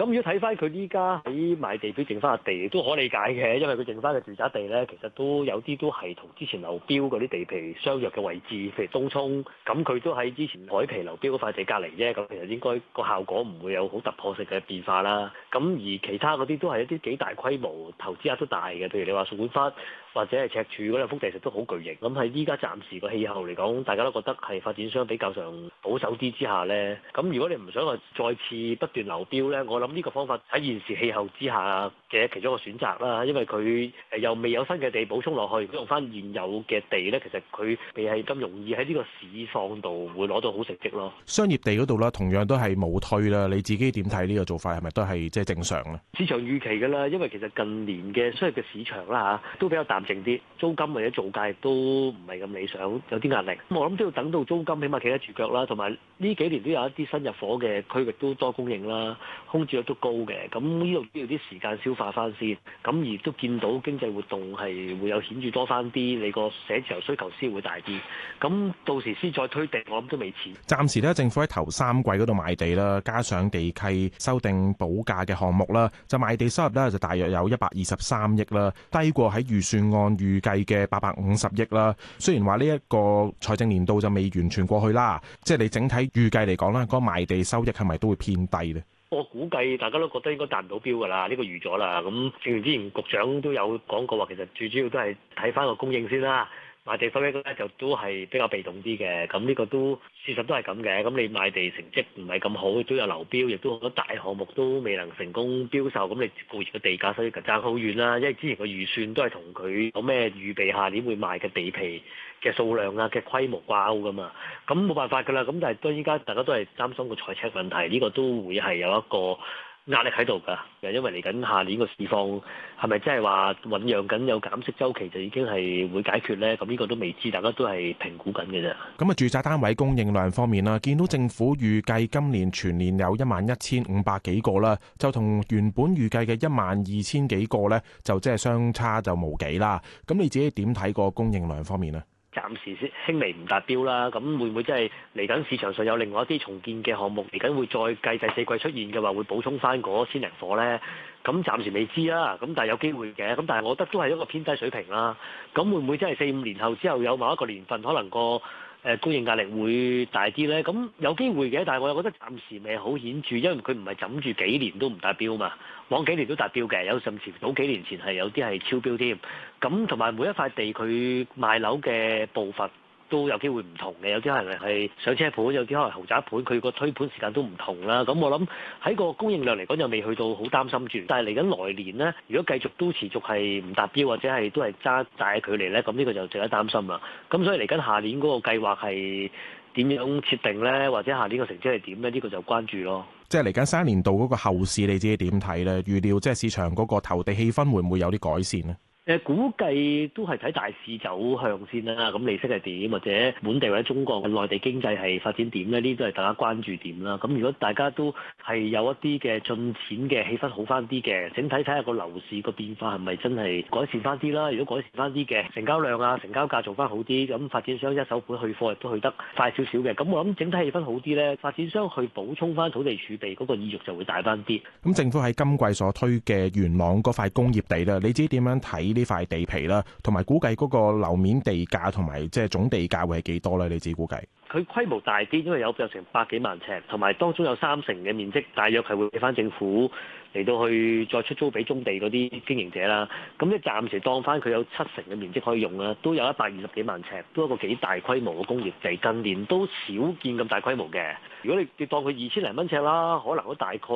咁要睇翻佢依家喺賣地表淨翻個地都可理解嘅，因為佢淨翻嘅住宅地咧，其實都有啲都係同之前流標嗰啲地皮相若嘅位置，譬如東涌，咁佢都喺之前海皮流標嗰塊地隔離啫，咁其實應該個效果唔會有好突破性嘅變化啦。咁而其他嗰啲都係一啲幾大規模投資額都大嘅，譬如你話數百或者係赤柱嗰兩幅地，其實都好巨型。咁喺依家暫時個氣候嚟講，大家都覺得係發展商比較上保守啲之下咧。咁如果你唔想話再次不斷流標咧，我諗，呢、這個方法喺現時氣候之下嘅其中一個選擇啦，因為佢又未有新嘅地補充落去，用翻現有嘅地呢，其實佢未係咁容易喺呢個市況度會攞到好成績咯。商業地嗰度啦，同樣都係冇推啦。你自己點睇呢個做法係咪都係即係正常咧？市場預期㗎啦，因為其實近年嘅商業嘅市場啦嚇都比較淡靜啲，租金或者造價亦都唔係咁理想，有啲壓力。我諗都要等到租金起碼企得住腳啦，同埋呢幾年都有一啲新入伙嘅區域都多供應啦，空都高嘅咁，呢度都要啲時間消化翻先咁，亦都見到經濟活動係會有顯著多翻啲，你個寫字樓需求先會大啲。咁到時先再推定，我諗都未遲。暫時咧，政府喺頭三季嗰度賣地啦，加上地契修定保價嘅項目啦，就賣地收入咧就大約有一百二十三億啦，低過喺預算案預計嘅八百五十億啦。雖然話呢一個財政年度就未完全過去啦，即係你整體預計嚟講啦，嗰個賣地收益係咪都會偏低呢？我估計大家都覺得應該達唔到標噶啦，呢個預咗啦。咁正如之前局長都有講過話，其實最主要都係睇翻個供應先啦。賣地方面咧就都係比較被動啲嘅，咁呢個都事實都係咁嘅。咁你賣地成績唔係咁好，都有流標，亦都好多大項目都未能成功標售。咁你固然個地價收益爭好遠啦，因為之前個預算都係同佢有咩預備下年會賣嘅地皮嘅數量啊、嘅規模掛鈎噶嘛。咁冇辦法噶啦。咁但係都依家大家都係擔心個財赤問題，呢、呢個都會係有一個。壓力喺度噶，又因為嚟緊下年個市況係咪即係話醞釀緊有減息周期，就已經係會解決呢？咁呢個都未知，大家都係評估緊嘅啫。咁啊，住宅單位供應量方面啦，見到政府預計今年全年有一萬一千五百幾個啦，就同原本預計嘅一萬二千幾個呢，就即係相差就無幾啦。咁你自己點睇個供應量方面呢？暫時先輕微唔達標啦，咁會唔會真係嚟緊市場上有另外一啲重建嘅項目嚟緊會再計第四季出現嘅話，會補充返嗰千零伙呢？咁暫時未知啦，咁但係有機會嘅，咁但係我覺得都係一個偏低水平啦。咁會唔會真係四五年後之後有某一個年份可能個誒供應壓力會大啲呢？咁有機會嘅，但係我又覺得暫時未好顯著，因為佢唔係枕住幾年都唔達標嘛，往幾年都達標嘅，有甚至早幾年前係有啲係超標添。咁同埋每一塊地佢賣樓嘅步伐。都有機會唔同嘅，有啲可能係上車盤，有啲可能豪宅盤，佢個推盤時間都唔同啦。咁我諗喺個供應量嚟講又未去到好擔心住，但係嚟緊來年呢，如果繼續都持續係唔達標或者係都係揸大嘅距離呢，咁呢個就值得擔心啦。咁所以嚟緊下年嗰個計劃係點樣設定呢？或者下年個成績係點呢？呢、呢個就關注咯。即係嚟緊三年度嗰個後市，你自己點睇呢？預料即係市場嗰個投地氣氛會唔會有啲改善呢？誒估計都係睇大市走向先啦，咁利息係點？或者本地或者中國內地經濟係發展點咧？呢啲都係大家關注點啦。咁如果大家都係有一啲嘅進展嘅氣氛好翻啲嘅，整體睇下個樓市個變化係咪真係改善翻啲啦？如果改善翻啲嘅，成交量啊、成交價做翻好啲，咁發展商一手盤去貨亦都去得快少少嘅。咁我諗整體氣氛好啲呢，發展商去補充翻土地儲備嗰個意欲就會大翻啲。咁政府喺今季所推嘅元朗嗰塊工業地啦，你知點樣睇呢塊地皮啦？同埋估計嗰個樓面地價同埋即係總地價會係幾多呢？你自己估計？佢規模大啲，因為有有成百幾萬呎，同埋當中有三成嘅面積，大約係會俾翻政府。嚟到去再出租俾中地嗰啲經營者啦，咁咧暫時當翻佢有七成嘅面積可以用啦，都有一百二十幾萬尺，都一個幾大規模嘅工業地，近年都少見咁大規模嘅。如果你當佢二千零蚊尺啦，可能都大概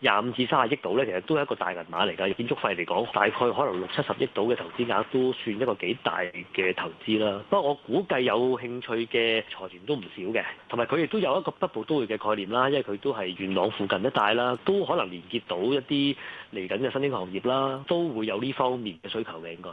廿五至三十億度呢，其實都係一個大銀碼嚟㗎。建築費嚟講，大概可能六七十億度嘅投資額都算一個幾大嘅投資啦。不過我估計有興趣嘅財團都唔少嘅，同埋佢亦都有一個北部都會嘅概念啦，因為佢都係元朗附近一帶啦，都可能連結到。一啲嚟緊嘅新興行業啦，都會有呢方面嘅需求嘅，應該。